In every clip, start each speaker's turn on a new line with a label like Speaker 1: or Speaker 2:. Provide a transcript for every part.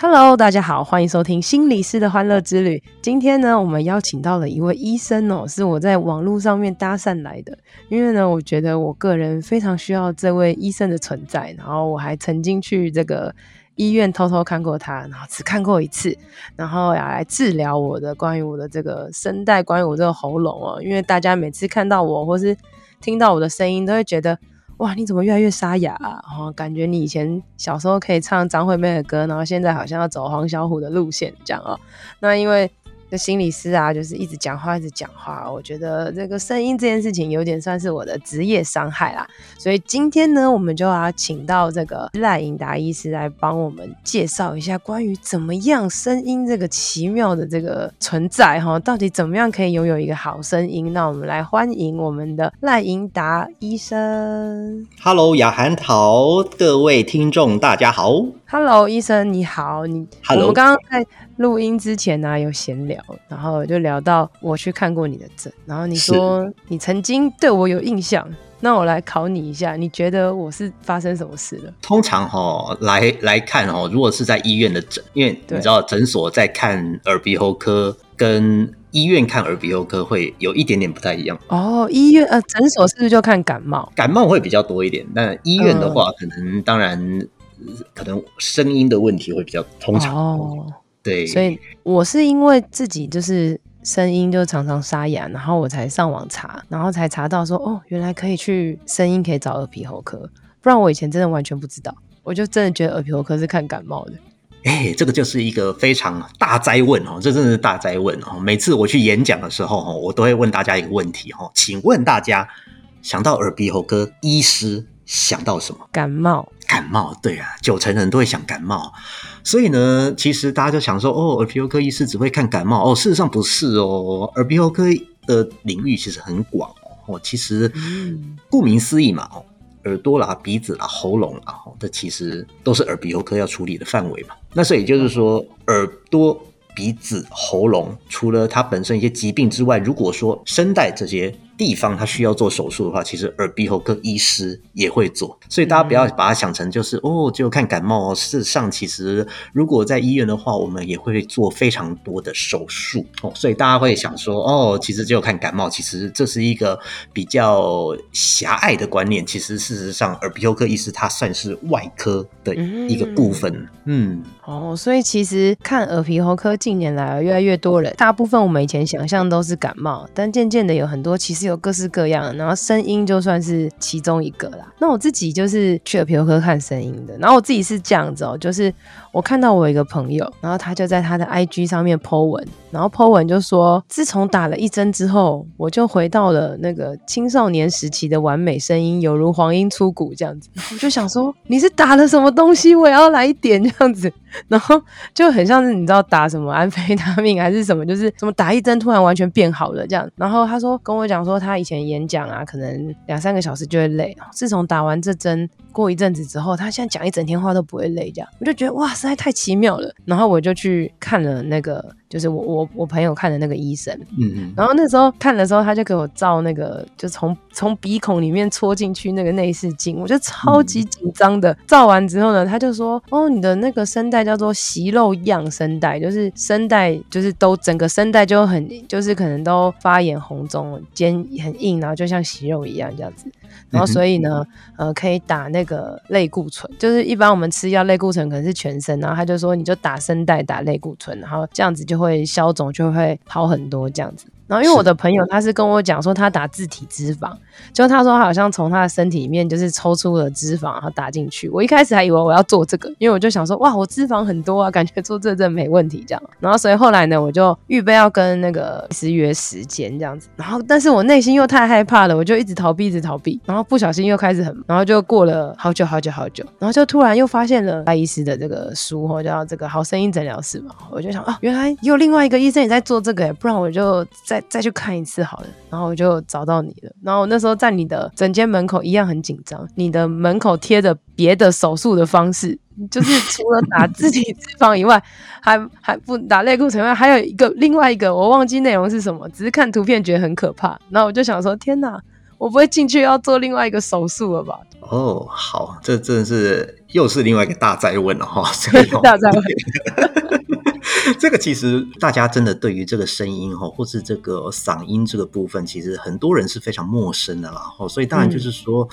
Speaker 1: Hello，大家好，歡迎收聽心理師的歡樂之旅。今天呢，我們邀請到了一位醫生哦，是我在網路上面搭訕來的。因為呢，我覺得我個人非常需要這位醫生的存在。然後我還曾經去這個醫院偷偷看過他，然後只看過一次。然後也來治療我的關於我的這個聲帶，關於我這個喉嚨哦。因為大家每次看到我或是聽到我的聲音，都會覺得。哇，你怎麼越來越沙啞啊？哦，感覺你以前小時候可以唱張惠妹的歌，然後現在好像要走黃小琥的路線這樣啊，哦？那因為。這心理師啊，就是一直講話，一直講話。我覺得這個聲音這件事情，有點算是我的職業傷害啦。所以今天呢，我們就要請到這個賴盈達醫師來幫我們介紹一下關於怎麼樣聲音這個奇妙的這個存在哈，到底怎麼樣可以擁有一個好聲音？那我們來歡迎我們的賴盈達醫生。
Speaker 2: Hello，雅涵桃，各位聽眾，大家好。
Speaker 1: 哈嘍，醫生你好。你 Hello. 我們剛剛在錄音之前呢、啊、有閒聊，然後就聊到我去看過你的診，然後你說你曾經對我有印象，是那我來考你一下，你覺得我是發生什麼事了？
Speaker 2: 通常哈、哦、來來看哦，如果是在醫院的診，因為你知道診所在看耳鼻喉科對跟醫院看耳鼻喉科會有一點點不太一樣
Speaker 1: 哦。醫院呃診所是不是就看感冒？
Speaker 2: 感冒會比較多一點，但醫院的話、嗯、可能當然。可能聲音的問題會比較通常哦，對。所
Speaker 1: 以我是因為自己就是聲音就常常沙啞，然後我才上網查，然後才查到說哦，原來可以去聲音可以找耳鼻喉科，不然我以前真的完全不知道。我就真的覺得耳鼻喉科是看感冒的。
Speaker 2: 哎，這個就是一個非常大哉問哦，這真的是大哉問哦。每次我去演講的時候哦，我都會問大家一個問題哦，請問大家想到耳鼻喉科醫師想到什麼？感冒。感冒對啊，九成人都會想感冒，所以呢，其實大家就想說，哦，耳鼻喉科醫師只會看感冒哦，事實上不是哦，耳鼻喉科的領域其實很廣哦，哦其實、嗯、顧名思義嘛，耳朵啦、鼻子啦、喉嚨啦，哦、這其實都是耳鼻喉科要處理的範圍嘛。那所以就是說，耳朵、鼻子、喉嚨，除了它本身一些疾病之外，如果說聲帶這些地方他需要做手術的話，其實耳鼻喉科醫師也會做，所以大家不要把它想成就是、嗯、哦，就看感冒。事實上，其實如果在醫院的話，我們也會做非常多的手術哦，所以大家會想說哦，其實就看感冒。其實這是一個比較狹隘的觀念。其實事實上，耳鼻喉科醫師他算是外科的一個部分，嗯。嗯
Speaker 1: 哦，所以其實看耳鼻喉科近年來越來越多人，大部分我們以前想象都是感冒，但漸漸的有很多其實有各式各樣，然後聲音就算是其中一個啦。那我自己就是去耳鼻喉科看聲音的，然後我自己是這樣子哦，就是我看到我一個朋友，然後他就在他的 IG 上面 po 文，然後 po 文就說自從打了一針之後，我就回到了那個青少年時期的完美聲音，猶如黃鶯出谷這樣子。我就想說你是打了什麼東西，我也要來一點這樣子。 然後就很像是你知道打什麼安非他命還是什麼，就是什麼打一針突然完全變好了這樣。然後他說跟我講說他以前演講啊，可能兩三個小時就會累，自從打完這針，過一陣子之後，他現在講一整天話都不會累。這樣我就覺得哇，實在太奇妙了。然後我就去看了那個。就是我我我朋友看的那個醫生，嗯嗯，然後那時候看的時候，他就給我照那個，就從從鼻孔裡面戳進去那個內視鏡，我就超級緊張的。照完之後呢，他就說，哦，你的那個聲帶叫做息肉樣聲帶，就是聲帶就是都整個聲帶就很就是可能都發炎紅腫，尖很硬，然後就像息肉一樣這樣子。然後，所以呢，嗯、哼呃，可以打那個類固醇，就是一般我們吃藥類固醇可能是全身，然後他就說，你就打聲帶打類固醇，然後這樣子就會消腫，就會好很多這樣子。然後因為我的朋友他是跟我講說他打自體脂肪，是就他說他好像從他的身體裡面就是抽出了脂肪然後打進去。我一開始還以為我要做這個，因為我就想說哇我脂肪很多啊，感覺做這針沒問題這樣。然後所以後來呢我就預備要跟那個醫師約時間這樣子。然後但是我內心又太害怕了，我就一直逃避，一直逃避。然後不小心又開始很，然後就過了好久好久好久。然後就突然又發現了賴醫師的這個書後叫這個好聲音診療室嘛。我就想啊，原來有另外一個醫生也在做這個、欸，不然我就在。再，再去看一次好了，然後我就找到你了。然後我那時候在你的診間門口一樣很緊張，你的門口貼着別的手術的方式，就是除了打自己脂肪以外， 還還不打肋骨成外還有一個另外一個我忘記內容是什麼，只是看圖片覺得很可怕。然後我就想說，天哪，我不會進去要做另外一個手術了吧？
Speaker 2: 哦，好，這真的是又是另外一個大哉問哦， 大哉問。 這個其實大家真的對於這個聲音哈、哦，或是這個嗓音這個部分，其實很多人是非常陌生的啦。所以當然就是說，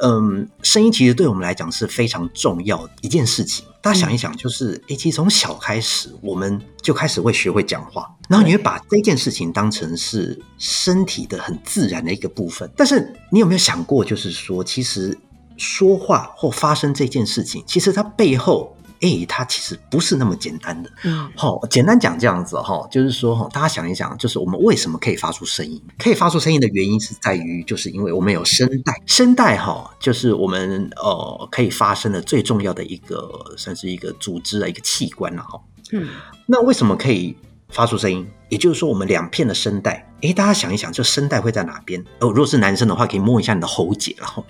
Speaker 2: 嗯、呃，聲音其實對我們來講是非常重要的一件事情。大家想一想，就是、嗯、誒，其實從小開始，我們就開始會學會講話，然後你會把這件事情當成是身體的很自然的一個部分。但是你有沒有想過，就是說，其實說話或發生這件事情，其實它背後。哎，它其實不是那麼簡單的。嗯，好、哦，簡單講這樣子哈、哦，就是說哈，大家想一想，就是我們為什麼可以發出聲音？可以發出聲音的原因是在於，就是因為我們有聲帶。嗯、聲帶哈、哦，就是我們呃可以發聲的最重要的一個，算是一個組織的、啊、一個器官了、啊、哈。嗯，那為什麼可以發出聲音？也就是說，我們兩片的聲帶，哎，大家想一想，這聲帶會在哪邊？哦，如果是男生的話，可以摸一下你的喉結了哈。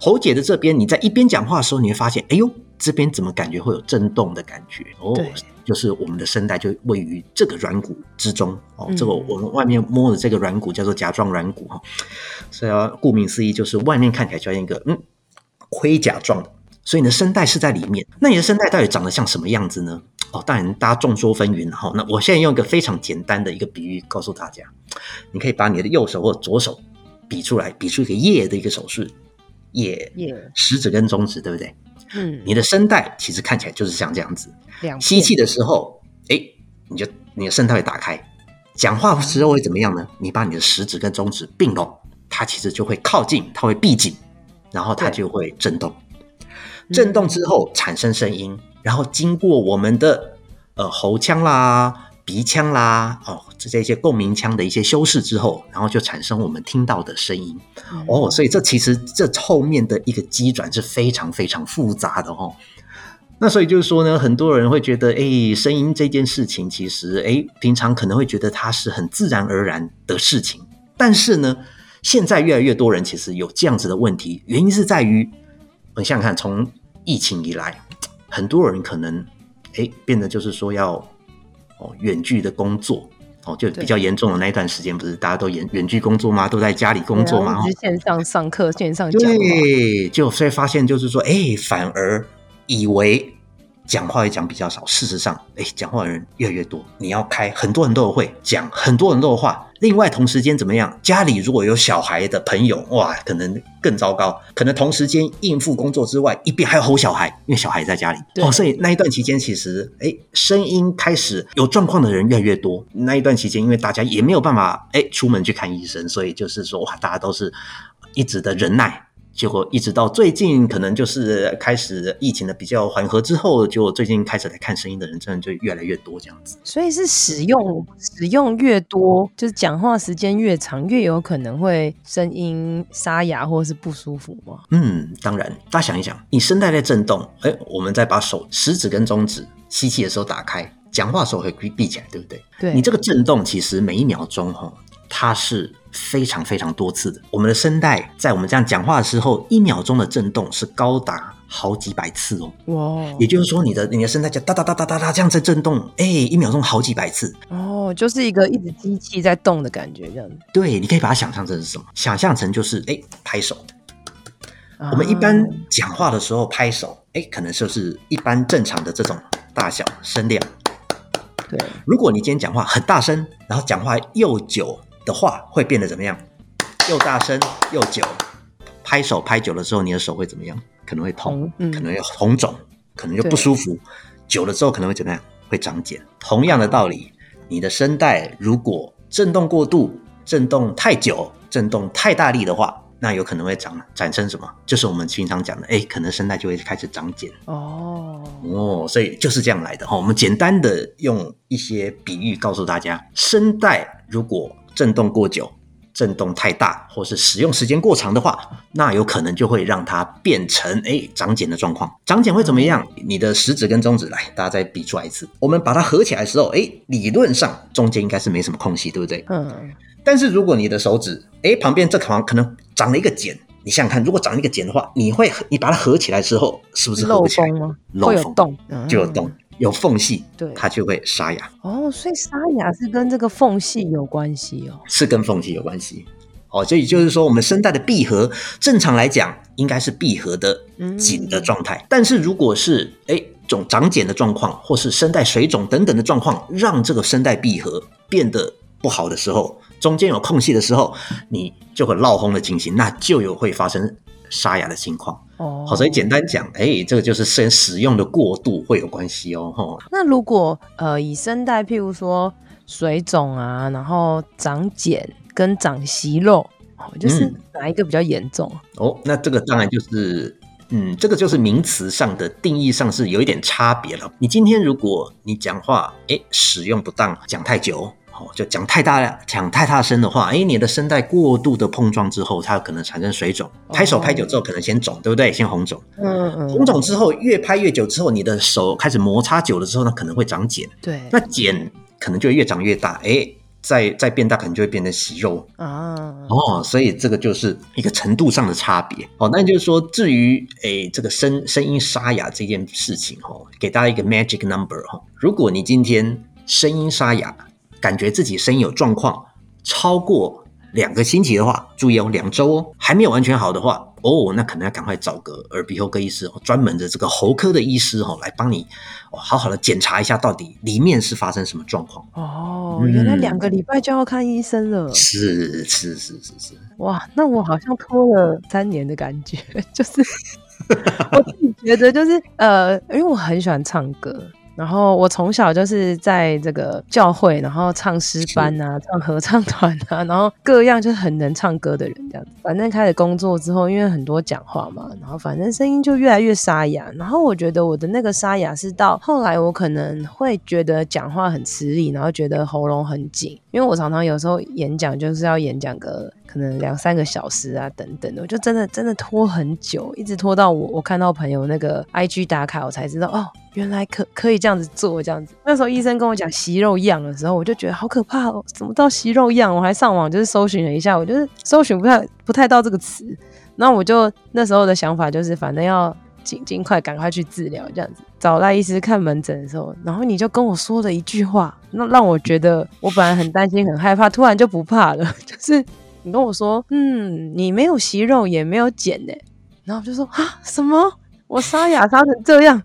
Speaker 2: 喉、哦、結的這邊，你在一邊講話的時候，你會發現，哎呦。這邊怎麼感覺會有震動的感覺？對哦，就是我們的聲帶就位於這個軟骨之中。哦，這個、嗯、我們外面摸的這個軟骨叫做甲狀軟骨哈、哦，所以啊，顧名思義就是外面看起來就像一個嗯盔甲狀的。所以你的聲帶是在裡面。那你的聲帶到底長得像什麼樣子呢？哦，當然大家眾說紛紜哈。那我現在用一個非常簡單的一個比喻告訴大家，你可以把你的右手或者左手比出來，比出一個“耶”的一個手勢，耶耶，食指跟中指，對不對？嗯、你的聲帶其實看起來就是像這樣子，片吸氣的時候，誒你就你的聲帶會打開，講話的時候會怎麼樣呢？你把你的食指跟中指併攏，它其實就會靠近，它會閉緊，然後它就會震動，對震動之後產生聲音，嗯、然後經過我們的呃喉腔啦。鼻腔啦，哦，這些一些共鳴腔的一些修飾之後，然後就產生我們聽到的聲音，嗯、哦，所以這其實這後面的一個機轉是非常非常複雜的哦。那所以就是說呢，很多人會覺得，哎，聲音這件事情其實，哎，平常可能會覺得它是很自然而然的事情，但是呢，現在越來越多人其實有這樣子的問題，原因是在於，你想想看從疫情以來，很多人可能，哎，變得就是說要。哦、遠距的工作哦，就比較嚴重的那一段時間，對不是大家都遠遠距工作嗎？都在家裡工作嗎？
Speaker 1: 線上上課，對線上講，對，
Speaker 2: 就所以發現就是說，哎、欸，反而以為。講話也講比較少，事實上，誒，講話的人越來越多，你要開很多很多的會，講很多很多的話。另外，同時間怎麼樣？家裡如果有小孩的朋友，哇，可能更糟糕，可能同時間應付工作之外，一邊還要吼小孩，因為小孩在家裡。對。哦，所以那一段期間，其實，誒，聲音開始有狀況的人越來越多。那一段期間，因為大家也沒有辦法，哎，出門去看醫生，所以就是說，哇，大家都是，一直的忍耐。結果一直到最近，可能就是開始疫情的比較緩和之後，就最近開始來看聲音的人，真的就越來越多這樣子。
Speaker 1: 所以是使用使用越多，嗯、就是講話時間越長，越有可能會聲音沙啞或者是不舒服嗎？
Speaker 2: 嗯，當然。大家想一想，你聲帶在震動、欸，我們再把手食指跟中指吸氣的時候打開，講話的時候會閉起來，對不對？對。你這個震動其實每一秒鐘哈，它是。非常非常多次的，我們的聲帶在我們這樣講話的時候，一秒鐘的震動是高達好幾百次哦。哇！Wow. 也就是說，你的你的聲帶就噠噠噠噠噠噠這樣在震動，哎，一秒鐘好幾百次
Speaker 1: 哦，oh, 就是一個一直機器在動的感覺這樣。
Speaker 2: 對，你可以把它想象成是什麼？想象成就是哎拍手。
Speaker 1: 我們一般
Speaker 2: 講話的時候拍手，哎，可能就是一般正常的這種大小聲量。對，如果你今天講話很大聲，然後講話又久。的話會變得怎麼樣？又大聲又久，拍手拍久了之後，你的手會怎麼樣？可能會痛，嗯嗯、可能會紅腫，可能就不舒服。對久了之後可能會怎麼樣？會長繭。同樣的道理，你的聲帶如果震動過度、震動太久、震動太大力的話，那有可能會長了產生什麼？就是我們經常講的，哎，可能聲帶就會開始長
Speaker 1: 繭。
Speaker 2: 哦哦，所以就是這樣來的。好，我們簡單的用一些比喻告訴大家，聲帶如果。震動過久，震動太大，或是使用時間過長的話，那有可能就會讓它變成哎長繭的狀況。長繭會怎麼樣？你的食指跟中指來，大家再比出來一次。我們把它合起來的時候，哎，理論上中間應該是沒什麼空隙，對不對？嗯。但是如果你的手指，哎，旁邊這好像可能長了一個繭，你想想看，如果長了一個繭的話，你會你把它合起來之後，是不是合不起來漏
Speaker 1: 風嗎？漏風會有洞就有
Speaker 2: 洞。嗯有縫隙，對，它就會沙啞。
Speaker 1: 哦，所以沙啞是跟這個縫隙有關係哦，
Speaker 2: 是跟縫隙有關係。哦，所以就是說，我們聲帶的閉合，正常來講應該是閉合的緊的狀態。嗯、但是如果是哎、欸，種長繭的狀況，或是聲帶水腫等等的狀況，讓這個聲帶閉合變得不好的時候，中間有空隙的時候，你就會漏風的情形，那就有會發生。沙啞的情況哦，好，所以簡單講，哎、欸，這個就是生使用的過度會有關係哦，吼。
Speaker 1: 那如果呃以聲帶，譬如說水腫啊，然後長繭跟長息肉，喔，就是哪一個比較嚴重？
Speaker 2: 嗯。哦，那這個當然就是，嗯，這個就是名詞上的定義上是有一點差別了。你今天如果你講話，欸，使用不當，講太久。就講太大了，講太大聲的話誒，你的聲帶過度的碰撞之後，它有可能產生水腫。拍手拍久之後，可能先腫，對不對？先紅腫。嗯嗯。嗯，紅腫之後，越拍越久之後，你的手開始摩擦久了之後，它可能會長繭。對。那繭可能就越長越大，哎，再再變大，可能就會變成息肉啊。哦，所以這個就是一個程度上的差別。哦，那就是說，至於哎，這個聲聲音沙啞這件事情，哈，給大家一個 magic number 哈、哦。如果你今天聲音沙啞，感覺自己聲音狀況，超過兩個星期的話，注意哦，兩周哦，還沒有完全好的話，哦，那可能要趕快找個耳鼻喉科醫師，專門的這個喉科的醫師哦，來幫你好好的檢查一下，到底裡面是發生什麼狀況。
Speaker 1: 哦，原來兩個禮拜就要看醫生了。是是是
Speaker 2: 是是。是是是是
Speaker 1: 哇，那我好像拖了三年的感覺，就是 我自己覺得就是呃，因為我很喜歡唱歌。然後我從小就是在這個教會，然後唱詩班啊，唱合唱團啊，然後各樣就是很能唱歌的人這樣子。反正開始工作之後，因為很多講話嘛，然後反正聲音就越來越沙啞。然後我覺得我的那個沙啞是到後來我可能會覺得講話很吃力，然後覺得喉嚨很緊，因為我常常有時候演講就是要演講個。可能兩三個小時啊，等等的，我就真的真的拖很久，一直拖到我我看到朋友那個 IG 打卡，我才知道哦，原來可可以這樣子做這樣子。那時候醫生跟我講息肉樣的時候，我就覺得好可怕哦，怎麼到息肉樣？我還上網就是搜尋了一下，我就是搜尋不太不太到這個詞。那我就那時候的想法就是，反正要盡盡快趕快去治療這樣子。找賴醫師看門診的時候，然後你就跟我說了一句話，那讓我覺得我本來很擔心很害怕，突然就不怕了，就是。你跟我說，嗯，你沒有息肉也沒有繭呢，然後我就說啊，什麼？我沙啞沙成這樣，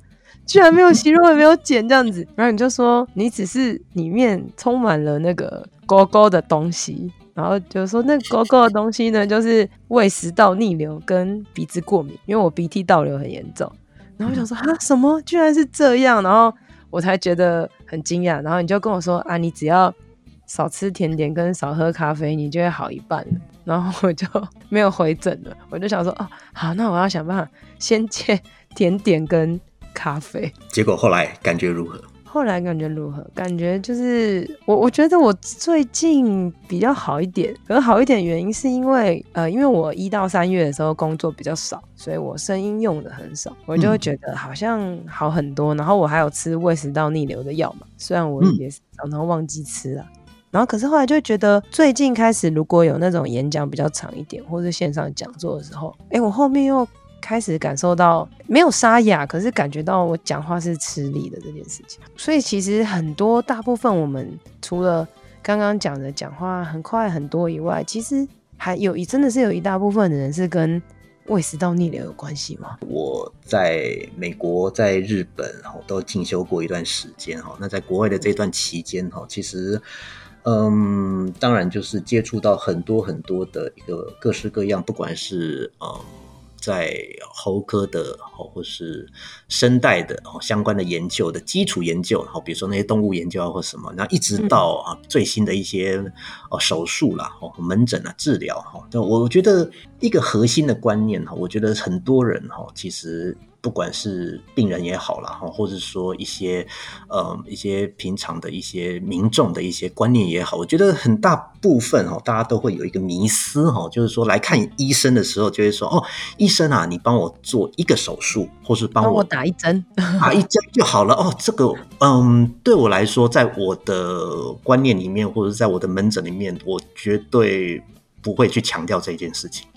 Speaker 1: 居然沒有息肉也沒有繭這樣子，然後你就說，你只是裡面充滿了那個高高的東西，然後就說那高高的東西呢，就是胃食道逆流跟鼻子過敏，因為我鼻涕倒流很嚴重。然後我想說啊，什麼？居然是這樣，然後我才覺得很驚訝。然後你就跟我說啊，你只要。少吃甜點跟少喝咖啡，你就會好一半，然後我就沒有回診了，我就想說哦、啊，好，那我要想辦法先戒甜點跟咖啡。
Speaker 2: 結果後來感覺如何？
Speaker 1: 後來感覺如何？感覺就是我，我覺得我最近比較好一點。可能好一點原因是因為呃，因為我一到三月的時候工作比較少，所以我聲音用的很少，我就會覺得好像好很多。嗯、然後我還有吃胃食道逆流的藥嘛，雖然我也常常忘記吃了。嗯然後，可是後來就覺得，最近開始如果有那種演講比較長一點，或是線上講座的時候，哎，我後面又開始感受到沒有沙啞，可是感覺到我講話是吃力的這件事情。所以其實很多大部分我們除了剛剛講的講話很快很多以外，其實還有一真的是有一大部分的人是跟胃食道逆流有關係嘛。我
Speaker 2: 在美國、在日本都進修過一段時間哈。那在國外的這段期間哈，其實。嗯，當然就是接觸到很多很多的一個各式各樣，不管是啊、嗯，在喉科的哈，或是聲帶的哦，相關的研究的基礎研究，然後比如說那些動物研究或什麼，那一直到啊最新的一些手術啦、哈門診啊治療哈，那我覺得一個核心的觀念哈，我覺得很多人哈其實。不管是病人也好了哈，或者說一些呃、嗯、一些平常的一些民眾的一些觀念也好，我覺得很大部分哈，大家都會有一個迷思哈，就是說來看醫生的時候，就會說哦，醫生啊，你幫我做一個手術，或是幫我打一
Speaker 1: 針，打
Speaker 2: 一針就好了哦。這個嗯，對我來說，在我的觀念裡面，或者在我的門診裡面，我絕對不會去強調這件事情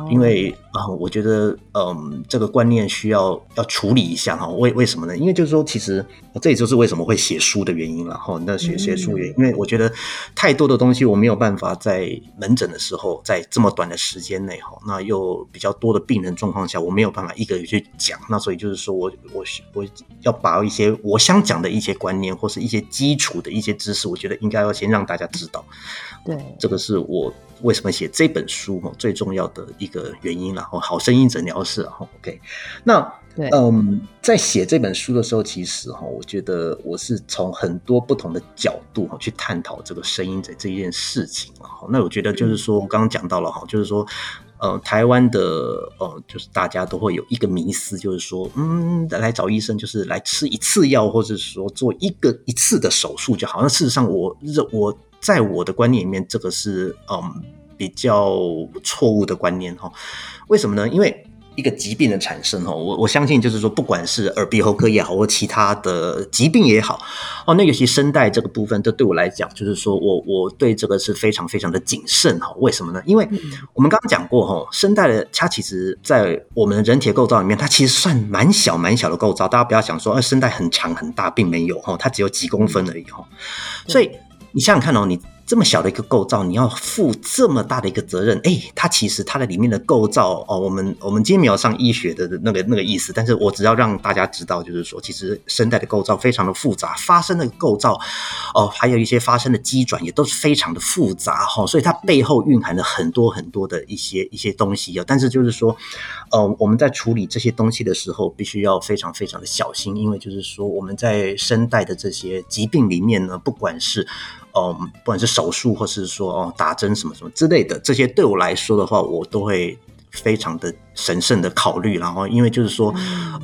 Speaker 2: ，oh. 因為。啊、哦，我覺得，嗯，這個觀念需要要處理一下哈、哦。為為什麼呢？因為就是說，其實這也就是為什麼會寫書的原因了哈、哦。那寫寫書原因、嗯嗯、因為我覺得太多的東西我沒有辦法在門診的時候，在這麼短的時間內哈、哦，那又比較多的病人狀況下，我沒有辦法一個人去講。那所以就是說我我我要把一些我想講的一些觀念或是一些基礎的一些知識，我覺得應該要先讓大家知道。對，這個是我為什麼寫這本書哈、哦、最重要的一個原因了。好，好聲音診療室，好 OK 那，對嗯，在寫這本書的時候，其實哈，我覺得我是從很多不同的角度哈去探討這個聲音診這一件事情，哈，那我覺得就是說，我剛剛講到了哈，就是說，呃，台灣的，呃，就是大家都會有一個迷思，就是說，嗯，來找醫生就是來吃一次藥，或者是說做一個一次的手術就好。那事實上我，我，我在我的觀念裡面，這個是，嗯。比較錯誤的觀念哈，為什麼呢？因為一個疾病的產生哈，我我相信就是說，不管是耳鼻喉科也好，或其他的疾病也好，哦，那尤其聲帶這個部分，這對我來講就是說我我對這個是非常非常的謹慎哈。為什麼呢？因為我們剛剛講過哈，聲帶的它其實，在我們的人體構造裡面，它其實算蠻小蠻小的構造。大家不要想說，啊，聲帶很長很大，並沒有哈，它只有幾公分而已哈。所以你想想看哦，你。這麼小的一個構造，你要負這麼大的一個責任，誒，它其實它的裡面的構造哦，我們我們今天沒有上醫學的那個那個意思，但是我只要讓大家知道，就是說，其實聲帶的構造非常的複雜，發聲的構造，哦，還有一些發聲的機轉也都是非常的複雜哈、哦，所以它背後蘊含了很多很多的一些一些東西啊，但是就是說，哦，我們在處理這些東西的時候，必須要非常非常的小心，因為就是說我們在聲帶的這些疾病裡面呢，不管是哦、嗯，不管是手術，或是說哦打針什麼什麼之類的，這些對我來說的話，我都會非常的審慎的考慮。然後，因為就是說，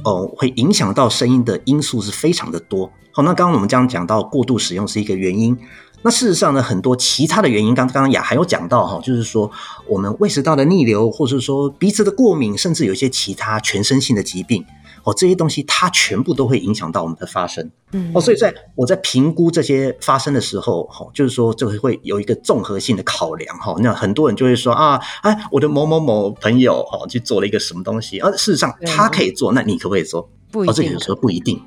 Speaker 2: 哦、嗯，會影響到聲音的因素是非常的多。好，那剛剛我們這樣講到過度使用是一個原因，那事實上呢，很多其他的原因，剛剛雅還有講到哈，就是說我們胃食道的逆流，或是說鼻子的過敏，甚至有一些其他全身性的疾病。哦，這些東西它全部都會影響到我們的發聲，嗯，哦，所以在我在評估這些發聲的時候，哈，就是說就會會有一個綜合性的考量，哈，那很多人就會說啊，哎，我的某某某朋友，哈，去做了一個什麼東西，而事實上他可以做，那你可不可以做？
Speaker 1: 不一定，喔，這個有
Speaker 2: 時候不一定。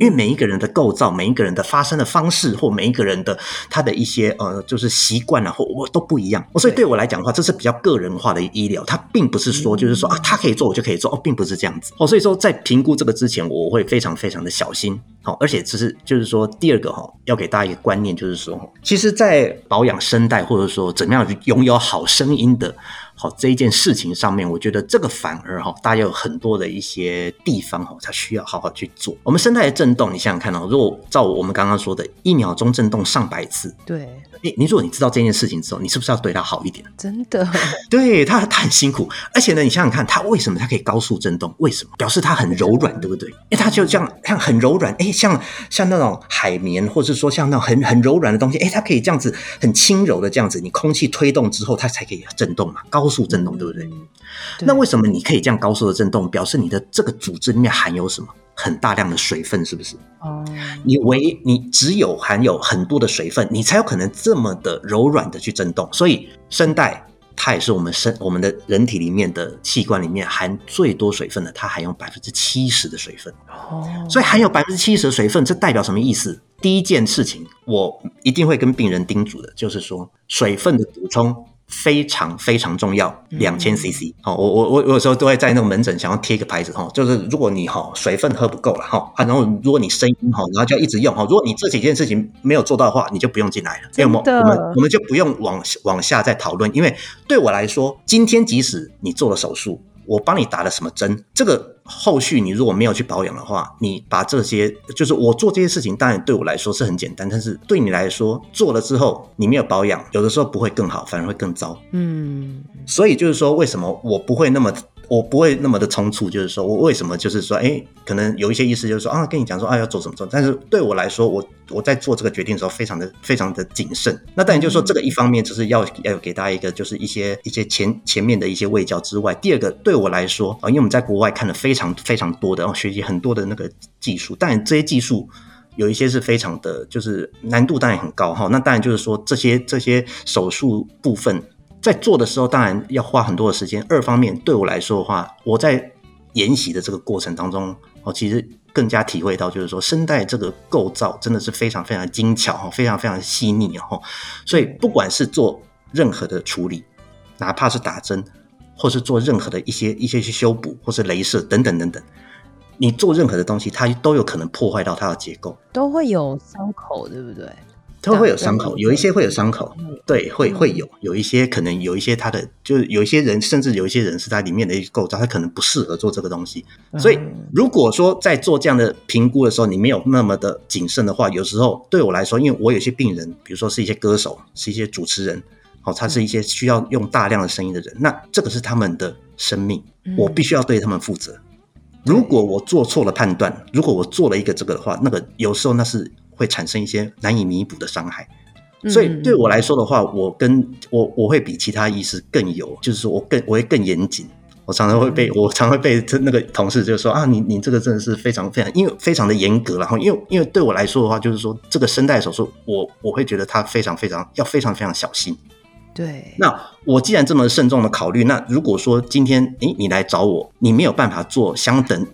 Speaker 2: 因為每一個人的構造，每一個人的發聲的方式，或每一個人的他的一些呃，就是習慣啊，或我都不一樣。所以對我來講的話，這是比較個人化的醫療，它並不是說就是說啊，他可以做我就可以做哦，並不是這樣子哦。所以說，在評估這個之前，我會非常非常的小心哦。而且，只是就是說第二個哈、哦，要給大家一個觀念，就是說，其實在保養聲帶或者說怎麼樣去擁有好聲音的。好這一件事情上面，我覺得這個反而哈，大家有很多的一些地方哈，它需要好好去做。我們聲帶的震動，你想想看哦，如果照我們剛剛說的，一秒鐘震動上百次，
Speaker 1: 對。
Speaker 2: 你你、欸、如果你知道這件事情之後，你是不是要對他好一點？
Speaker 1: 真的，
Speaker 2: 對他他很辛苦。而且呢，你想想看，他為什麼他可以高速震動？為什麼？表示他很柔軟，對不對？因為它就這樣，像很柔軟，哎、欸，像像那種海綿，或者說像那種很很柔軟的東西，哎、欸，它可以這樣子很輕柔的這樣子，你空氣推動之後，它才可以震動嘛，高。高速振動對不對？對，那為什麼你可以這樣高速的振動？表示你的這個組織裡面含有什麼？很大量的水分，是不是？哦，oh. 你唯你只有含有很多的水分，你才有可能這麼的柔軟的去振動。所以，聲帶它也是我們身我們的人體裡面的器官裡面含最多水分的，它含有百分之七十的水分。哦，oh. 所以含有百分之七十的水分，這代表什麼意思？第一件事情，我一定會跟病人叮囑的，就是說水分的補充。非常非常重要，兩千 CC。好、嗯，我我我有時候都會在那個門診想要貼一個牌子哈，就是如果你哈水分喝不夠了哈，然後如果你聲音哈，然後就要一直用哈。如果你這幾件事情沒有做到的話，你就不用進來了，沒有嗎，我們我們我們就不用往往下再討論。因為對我來說，今天即使你做了手術。我幫你打了什麼針？這個後續你如果沒有去保養的話，你把這些就是我做這些事情，當然對我來說是很簡單，但是對你來說做了之後，你沒有保養，有的時候不會更好，反而會更糟。嗯，所以就是說，為什麼我不會那麼？我不會那麼的倉促，就是說我為什麼就是說，誒，可能有一些意思就是說啊，跟你講說啊要做什麼做，但是對我來說，我我在做這個決定的時候非常的非常的謹慎。那當然就是說，嗯、這個一方面就是要要給大家一個就是一些一些前前面的一些衛教之外，第二個對我來說啊，因為我們在國外看了非常非常多的，然後學習很多的那個技術，但這些技術有一些是非常的，就是難度當然很高哈。那當然就是說這些這些手術部分。在做的時候，當然要花很多的時間。二方面，對我來說的話，我在研習的這個過程當中，哦，其實更加體會到，就是說聲帶這個構造真的是非常非常精巧哈，非常非常細膩哈。所以，不管是做任何的處理，哪怕是打針，或是做任何的一些一些去修補，或是雷射等等等等，你做任何的東西，它都有可能破壞到它的結構，
Speaker 1: 都會有傷口，對不對？他會有傷口，嗯、
Speaker 2: 有一些會有傷口，嗯、對，嗯、會會有有一些可能有一些他的，就是有一些人甚至有一些人是他裡面的一些構造，他可能不適合做這個東西。所以，如果說在做這樣的評估的時候，你沒有那麼的謹慎的話，有時候對我來說，因為我有些病人，比如說是一些歌手，是一些主持人，好、哦，他是一些需要用大量的聲音的人，嗯、那這個是他們的生命，我必須要對他們負責。如果我做錯了判斷，如果我做了一個這個的話，那個有時候那是。會產生一些難以彌補的傷害，所以對我來說的話，我跟我，我會比其他醫師更有，就是說我更我會更嚴謹。我常常會被我常會被那個同事就說啊，你你這個真的是非常非常，因為非常的嚴格。然後因為因為對我來說的話，就是說這個聲帶手術，我我會覺得他非常非常，要非常非常小心。對，那我既然這麼慎重的考慮，那如果說今天誒你來找我，你沒有辦法做相等。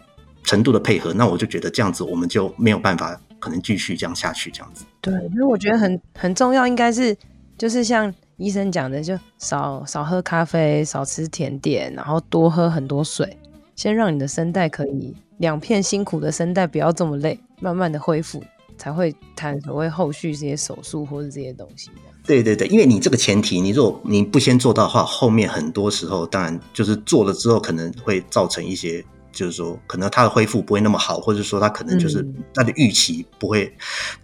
Speaker 2: 程度的配合，那我就覺得這樣子，我們就沒有辦法可能繼續這樣下去。這樣子，
Speaker 1: 對，所以我覺得很很重要，應該是就是像醫生講的，就少少喝咖啡，少吃甜點，然後多喝很多水，先讓你的聲帶可以兩片辛苦的聲帶不要這麼累，慢慢的恢復，才會談所謂後續這些手術或者這些東西。
Speaker 2: 對對對，因為你這個前提，你如果你不先做到的話，後面很多時候當然就是做了之後可能會造成一些。就是說，可能它的恢復不會那麼好，或者說它可能就是它的預期不會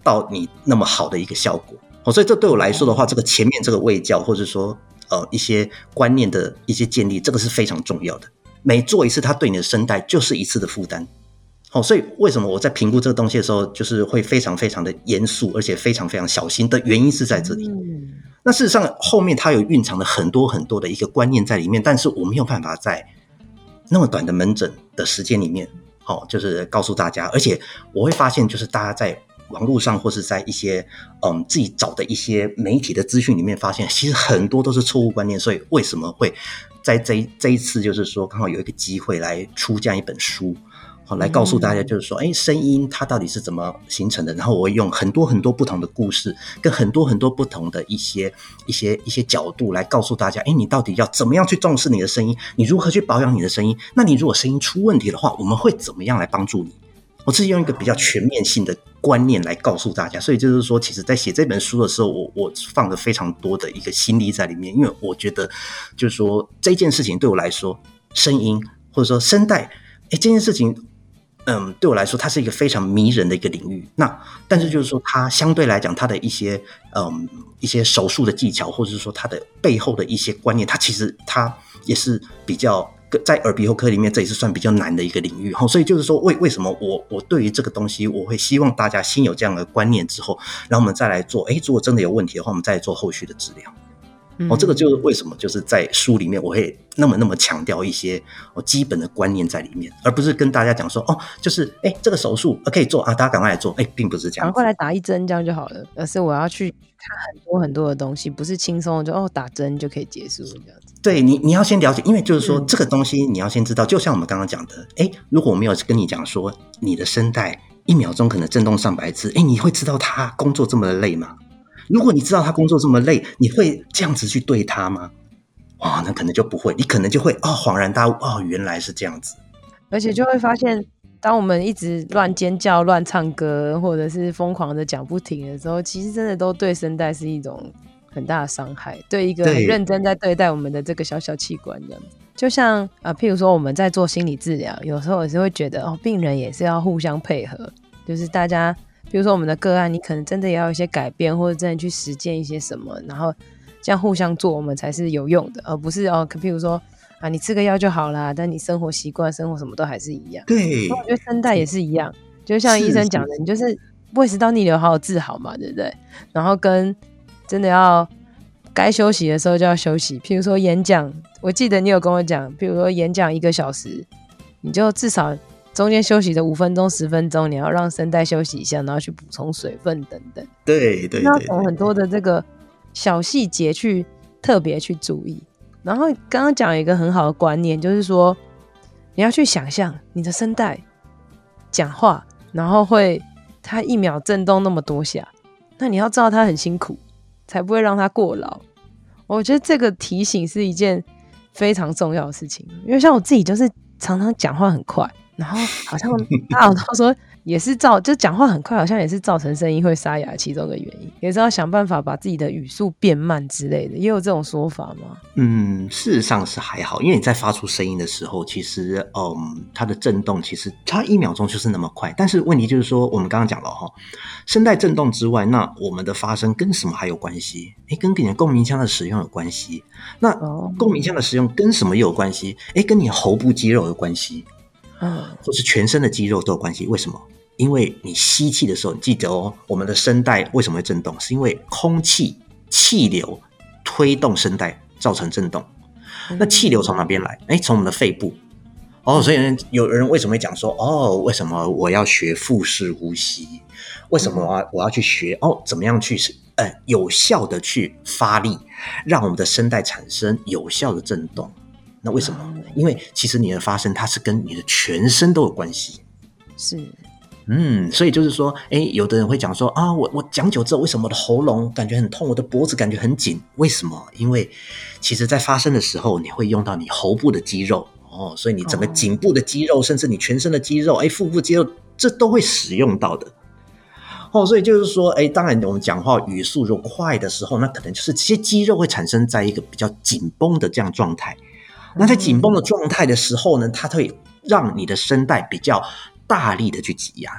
Speaker 2: 到你那麼好的一個效果。嗯、所以這對我來說的話，這個前面這個衛教，或者說呃一些觀念的一些建立，這個是非常重要的。每做一次，它對你的聲帶就是一次的負擔。好、哦，所以為什麼我在評估這個東西的時候，就是會非常非常的嚴肅，而且非常非常小心的原因是在這裡。嗯、那事實上，後面它有蘊藏了很多很多的一個觀念在裡面，但是我沒有辦法再。那麼短的門診的時間裡面，好、哦，就是告訴大家，而且我會發現，就是大家在網絡上或是在一些嗯自己找的一些媒體的資訊裡面，發現其實很多都是錯誤觀念，所以為什麼會在這這一次，就是說剛好有一個機會來出這樣一本書。嗯、來告訴大家，就是說，哎、欸，聲音它到底是怎麼形成的？然後我會用很多很多不同的故事，跟很多很多不同的一些、一些、一些角度來告訴大家，哎、欸，你到底要怎麼樣去重視你的聲音？你如何去保養你的聲音？那你如果聲音出問題的話，我們會怎麼樣來幫助你？我自己用一個比較全面性的觀念來告訴大家。所以就是說，其實在寫這本書的時候，我我放了非常多的一個心力在裡面，因為我覺得，就是說這件事情對我來說，聲音或者說聲帶，哎、欸，這件事情。嗯，對我來說，它是一個非常迷人的一個領域。那但是就是說，它相對來講，它的一些嗯一些手術的技巧，或者是說它的背後的一些觀念，它其實它也是比較在耳鼻喉科裡面，這也是算比較難的一個領域。哈、哦，所以就是說，為為什麼我我對於這個東西，我會希望大家先有這樣的觀念之後，然後我們再來做。哎，如果真的有問題的話，我們再做後續的治療。哦，這個就是為什麼，就是在書裡面我會那麼那麼強調一些我、哦、基本的觀念在裡面，而不是跟大家講說哦，就是哎、欸，這個手術可以做啊，大家趕快來做，哎、欸，並不是這樣。趕快
Speaker 1: 來打一針這樣就好了，而是我要去看很多很多的東西，不是輕鬆的就哦打針就可以結束這樣
Speaker 2: 子。對你，你要先了解，因為就是說、嗯、這個東西你要先知道，就像我們剛剛講的，哎、欸，如果我沒有跟你講說你的聲帶一秒鐘可能震動上百次，哎、欸，你會知道他工作這麼累嗎？如果你知道他工作這麼累，你會這樣子去對他嗎？啊，那可能就不會，你可能就會哦，恍然大悟，哦，原來是這樣子，
Speaker 1: 而且就會發現，當我們一直亂尖叫、亂唱歌，或者是瘋狂的講不停的時候，其實真的都對聲帶是一種很大的傷害。對一個很認真在對待我們的這個小小器官，這樣子，就像啊、呃，譬如說我們在做心理治療，有時候也是會覺得哦，病人也是要互相配合，就是大家。譬如說我們的個案，你可能真的也要有一些改變，或者真的去實踐一些什麼，然後這樣互相做，我們才是有用的，而、呃、不是哦、呃，譬如說啊，你吃個藥就好啦，但你生活習慣、生活什麼都還是一樣。對。然後我覺得聲帶也是一樣，對就像醫生講的，是是你就是不胃食道逆流好好治好嘛，對不對？然後跟真的要該休息的時候就要休息。譬如說演講，我記得你有跟我講，譬如說演講一個小時，你就至少，中間休息的五分鐘、十分鐘，你要讓聲帶休息一下，然後去補充水分等等。
Speaker 2: 對對對，你要從
Speaker 1: 很多的這個小細節去特別去注意。然後剛剛講一個很好的觀念，就是說你要去想象你的聲帶講話，然後會它一秒震動那麼多下，那你要知道它很辛苦，才不會讓它過勞。我覺得這個提醒是一件非常重要的事情，因為像我自己就是常常講話很快。然後好像他他說也是造 就講話很快，好像也是造成聲音會沙啞其中一個原因，也是要想辦法把自己的語速變慢之類的，也有這種說法嗎？嗯，
Speaker 2: 事實上是還好，因為你在發出聲音的時候，其實嗯，它的震動其實差一秒鐘就是那麼快，但是問題就是說我們剛剛講了哈、哦，聲帶震動之外，那我們的發聲跟什麼還有關係？誒跟你的共鳴腔的使用有關係。那共鳴腔的使用跟什麼有關係、哦誒？跟你喉部肌肉有關係。啊，或是全身的肌肉都有關係，為什麼？因為你吸氣的時候，你記得哦，我們的聲帶為什麼會震動？是因為空氣氣流推動聲帶造成震動。那氣流從哪邊來？哎，從我們的肺部。哦，所以有人為什麼會講說，哦，為什麼我要學腹式呼吸？為什麼我要我要去學？哦，怎麼樣去，呃，有效的去發力，讓我們的聲帶產生有效的震動？那為什麼？因為其實你的發聲它是跟你的全身都有關係，
Speaker 1: 是，
Speaker 2: 嗯，所以就是說，哎，有的人會講說啊，我我講久之後，為什麼我的喉嚨感覺很痛，我的脖子感覺很緊？為什麼？因為其實，在發聲的時候，你會用到你喉部的肌肉哦，所以你整個頸部的肌肉，哦、甚至你全身的肌肉，哎，腹部肌肉，這都會使用到的。哦，所以就是說，哎，當然我們講話語速若快的時候，那可能就是這些肌肉會產生在一個比較緊繃的這樣狀態。那在緊繃的狀態的時候呢，它會讓你的聲帶比較大力的去擠壓，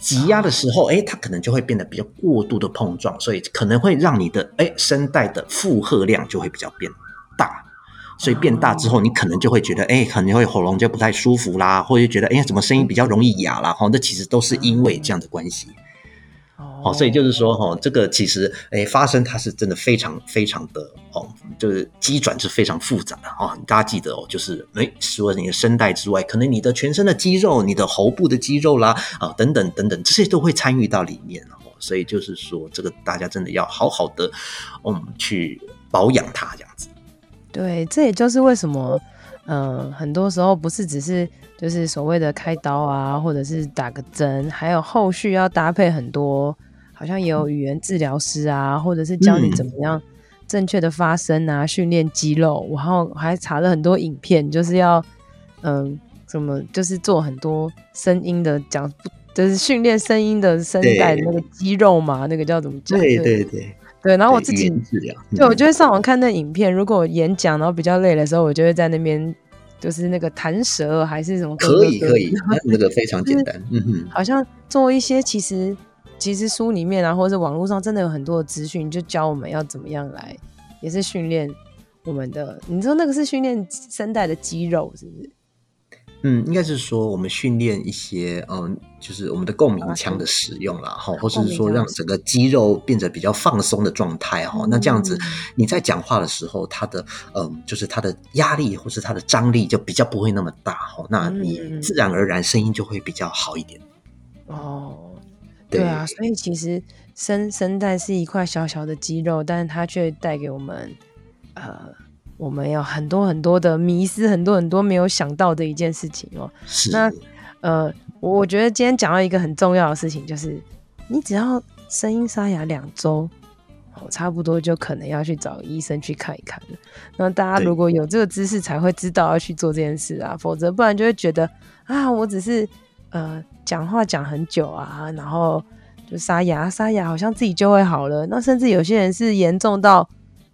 Speaker 2: 擠壓的時候，哎、欸，它可能就會變得比較過度的碰撞，所以可能會讓你的哎聲帶的負荷量就會比較變大，所以變大之後，你可能就會覺得哎、欸，可能會喉嚨就不太舒服啦，或者覺得哎、欸，怎麼聲音比較容易啞啦，哈，那其實都是因為這樣的關係。哦，所以就是說，哈、哦，這個其實，哎、欸，發聲它是真的非常非常的，哦，就是機轉是非常複雜的啊。哦，大家記得哦，就是，哎、欸，除了你的聲帶之外，可能你的全身的肌肉、你的喉部的肌肉啦，啊、哦，等等等等，這些都會參與到裡面哦。所以就是說，這個大家真的要好好的，嗯、哦，去保養它，這樣子。
Speaker 1: 對，這也就是為什麼，嗯、呃，很多時候不是只是就是所謂的開刀啊，或者是打個針，還有後續要搭配很多。好像也有語言治療師啊，或者是教你怎麼樣正確的發聲啊，嗯、訓練肌肉。我後還，還查了很多影片，就是要嗯，怎、呃、麼就是做很多聲音的講，就是訓練聲音的聲帶的那個肌肉嘛，對那個叫怎麼講？對對對對。然後我自己對，治療、嗯、對，我就會上網看那影片。如果演講然後比較累的時候，我就會在那邊就是那個彈舌還是什麼哥哥哥？可以可以，
Speaker 2: 那個非常簡單。就是、嗯
Speaker 1: 哼，好像做一些其實。其實書裡面啊，或者是網絡上，真的有很多的資訊，就教我們要怎麼樣來，也是訓練我們的。你知道那個是訓練聲帶的肌肉，是不
Speaker 2: 是？嗯，應該是說我們訓練一些，嗯，就是我們的共鳴腔的使用了哈，啊啊、或者是說讓整個肌肉變得比較放鬆的狀態哈。嗯、那這樣子，你在講話的時候，它的嗯，就是它的壓力或是它的張力就比較不會那麼大哈。那你自然而然聲音就會比較好一點、嗯、哦。
Speaker 1: 對啊，所以其實聲聲帶是一塊小小的肌肉，但是它卻帶給我們，呃，我們要很多很多的迷思，很多很多沒有想到的一件事情哦。是。那呃，我覺得今天講到一個很重要的事情，就是你只要聲音沙啞兩周，哦，差不多就可能要去找醫生去看一看了。那大家如果有這個知識，才會知道要去做這件事啊，對否則不然就會覺得啊，我只是呃。講話講很久啊，然後就沙啞，啊，沙啞好像自己就會好了。那甚至有些人是嚴重到、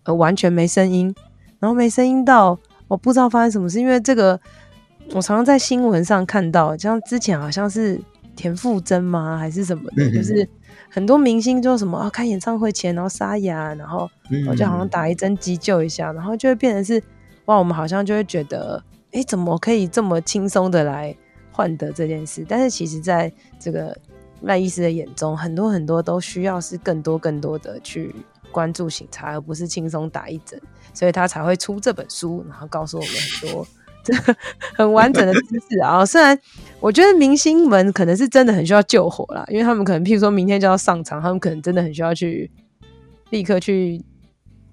Speaker 1: 呃、完全沒聲音，然後沒聲音到我不知道發生什麼事，是因為這個我常常在新聞上看到，像之前好像是田馥甄嘛還是什麼的，呵呵就是很多明星就什麼啊，哦，開演唱會前然後沙啞，然後我就好像打一針急救一下，然後就會變成是哇，我們好像就會覺得哎，怎麼可以這麼輕鬆的來換得這件事，但是其實，在這個賴醫師的眼中，很多很多都需要是更多更多的去關注檢查，而不是輕鬆打一針，所以他才會出這本書，然後告訴我們很多 很完整的知識啊。 雖然我覺得明星們可能是真的很需要救火啦，因為他們可能譬如說明天就要上場，他們可能真的很需要去立刻去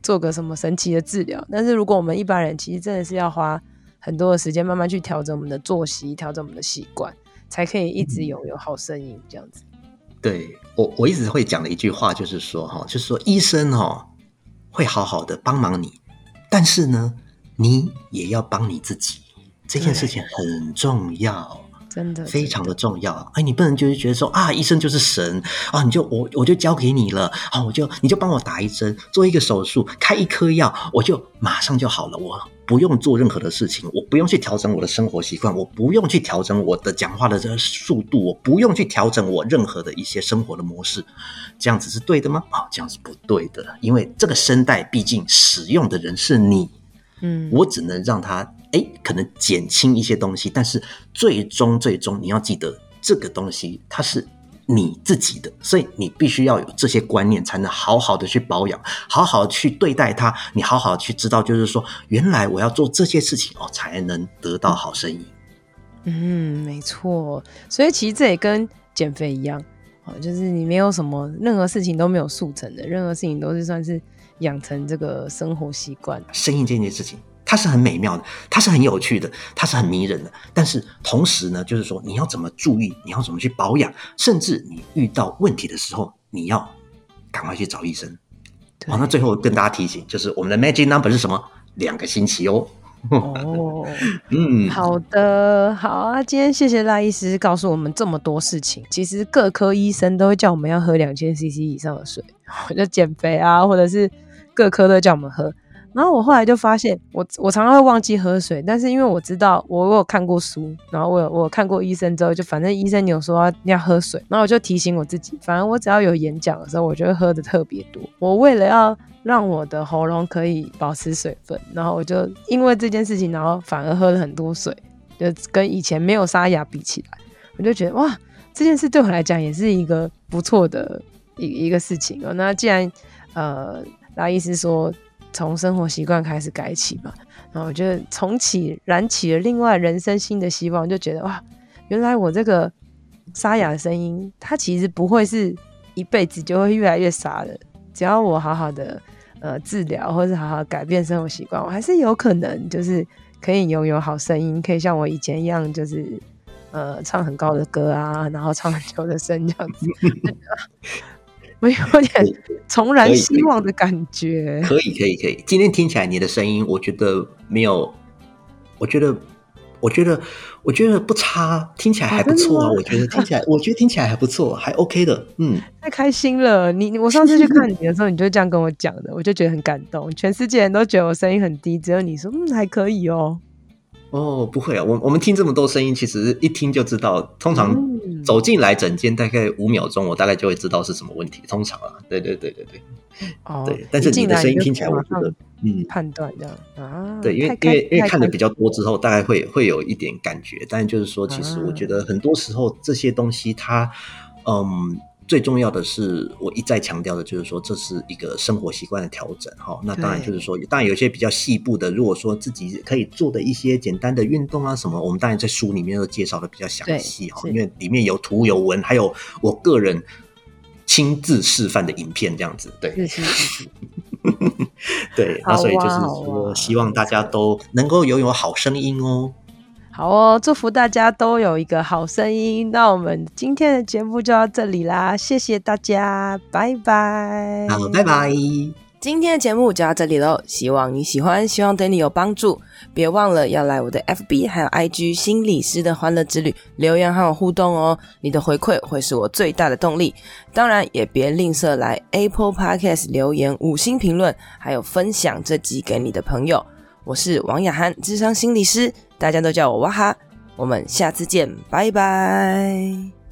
Speaker 1: 做個什麼神奇的治療。但是如果我們一般人，其實真的是要花，很多的時間慢慢去調整我們的作息，調整我們的習慣，才可以一直有有好聲音這樣子。嗯、
Speaker 2: 對，我，我一直會講的一句話就是說，哈，就是說醫生哦、喔，會好好的幫忙你，但是呢，你也要幫你自己，這件事情很重要。真的，真的非常的重要，哎，你不能就是覺得說啊，醫生就是神啊，你就我我就交給你了啊，我就你就幫我打一針，做一個手術，開一顆藥，我就馬上就好了，我不用做任何的事情，我不用去調整我的生活習慣，我不用去調整我的講話的這個速度，我不用去調整我任何的一些生活的模式，這樣子是對的嗎？啊、哦，這樣是不對的，因為這個聲帶畢竟使用的人是你，嗯，我只能讓它。哎，可能減輕一些東西，但是最終最終你要記得這個東西它是你自己的，所以你必須要有這些觀念，才能好好的去保養，好好去對待它，你好好去知道，就是說原來我要做這些事情哦，才能得到好聲音。嗯。嗯，
Speaker 1: 沒錯，所以其實這也跟減肥一樣，哦，就是你沒有什麼任何事情都沒有速成的，任何事情都是算是養成這個生活習慣，
Speaker 2: 聲音這件事情。它是很美妙的，它是很有趣的，它是很迷人的。但是同時呢，就是說你要怎麼注意，你要怎麼去保養，甚至你遇到問題的時候，你要趕快去找醫生。好對、哦，那最後跟大家提醒，就是我們的 magic number 是什麼？兩個星期哦。哦，oh,
Speaker 1: 嗯，好的，好啊。今天謝謝賴醫師告訴我們這麼多事情。其實各科醫生都會叫我們要喝兩千 CC 以上的水，就減肥啊，或者是各科都叫我們喝。然後我後來就發現我，我我常常會忘記喝水，但是因為我知道，我有看過書，然後我有我有看過醫生之後，就反正醫生有說要喝水，然後我就提醒我自己，反正我只要有演講的時候，我就會喝的特別多。我為了要讓我的喉嚨可以保持水分，然後我就因為這件事情，然後反而喝了很多水，就跟以前沒有沙啞比起來，我就覺得哇，這件事對我來講也是一個不錯的一個一個事情。然後那既然呃，賴醫師說。從生活習慣開始改起嘛，然後我就重啟燃起了另外人生新的希望，就覺得哇，原來我這個沙啞的聲音，它其實不會是一輩子就會越來越沙的。只要我好好的呃治療，或是好好改變生活習慣，我還是有可能就是可以擁有好聲音，可以像我以前一樣，就是呃唱很高的歌啊，然後唱很久的聲這樣子。 我有點重燃希望的感覺可可。可
Speaker 2: 以，可以，可以。今天聽起來你的聲音，我覺得沒有，我覺得，我覺得，我覺得不差，聽起來還不錯啊。我覺得聽起來， 我覺得聽起來還不錯，還 OK 的。嗯，
Speaker 1: 太開心了。你，我上次去看你的時候，你就這樣跟我講的，我就覺得很感動。全世界人都覺得我聲音很低，只有你說，嗯，還可以哦。
Speaker 2: 哦，不會啊，我我們聽這麼多聲音，其實一聽就知道。通常走進來診間大概五秒鐘，嗯、我大概就會知道是什麼問題。通常啊，對對對對對，哦、
Speaker 1: 對。但是你的聲音聽起來，我覺得一你判嗯，判斷這樣啊，對，因為開因為因為看的比較
Speaker 2: 多之後，大概會會有一點感覺。但就是說，其實我覺得很多時候這些東西它，它、啊、嗯。最重要的是，我一再強調的，就是說這是一個生活習慣的調整哈。那當然就是說，當然有些比較細部的，如果說自己可以做的一些簡單的運動啊什麼，我們當然在書裡面都介紹的比較詳細哈，因為裡面有圖有文，還有我個人親自示範的影片這樣子。對， 對，那所以就是說，希望大家都能夠擁有好聲音哦。
Speaker 1: 好哦，祝福大家都有一個好聲音。那我們今天的節目就到這裡啦，謝謝大家，拜拜。好，拜拜。今天的節目就到這裡嘍，希望你喜歡，希望對你有幫助。別忘了要來我的 FB 還有 IG 心理師的歡樂之旅留言和我互動哦，你的回饋會是我最大的動力。當然也別吝嗇來 Apple Podcast 留言五星評論，還有分享這集給你的朋友。我是王雅涵，諮商心理師，大家都叫我哇哈。我們下次見，拜拜。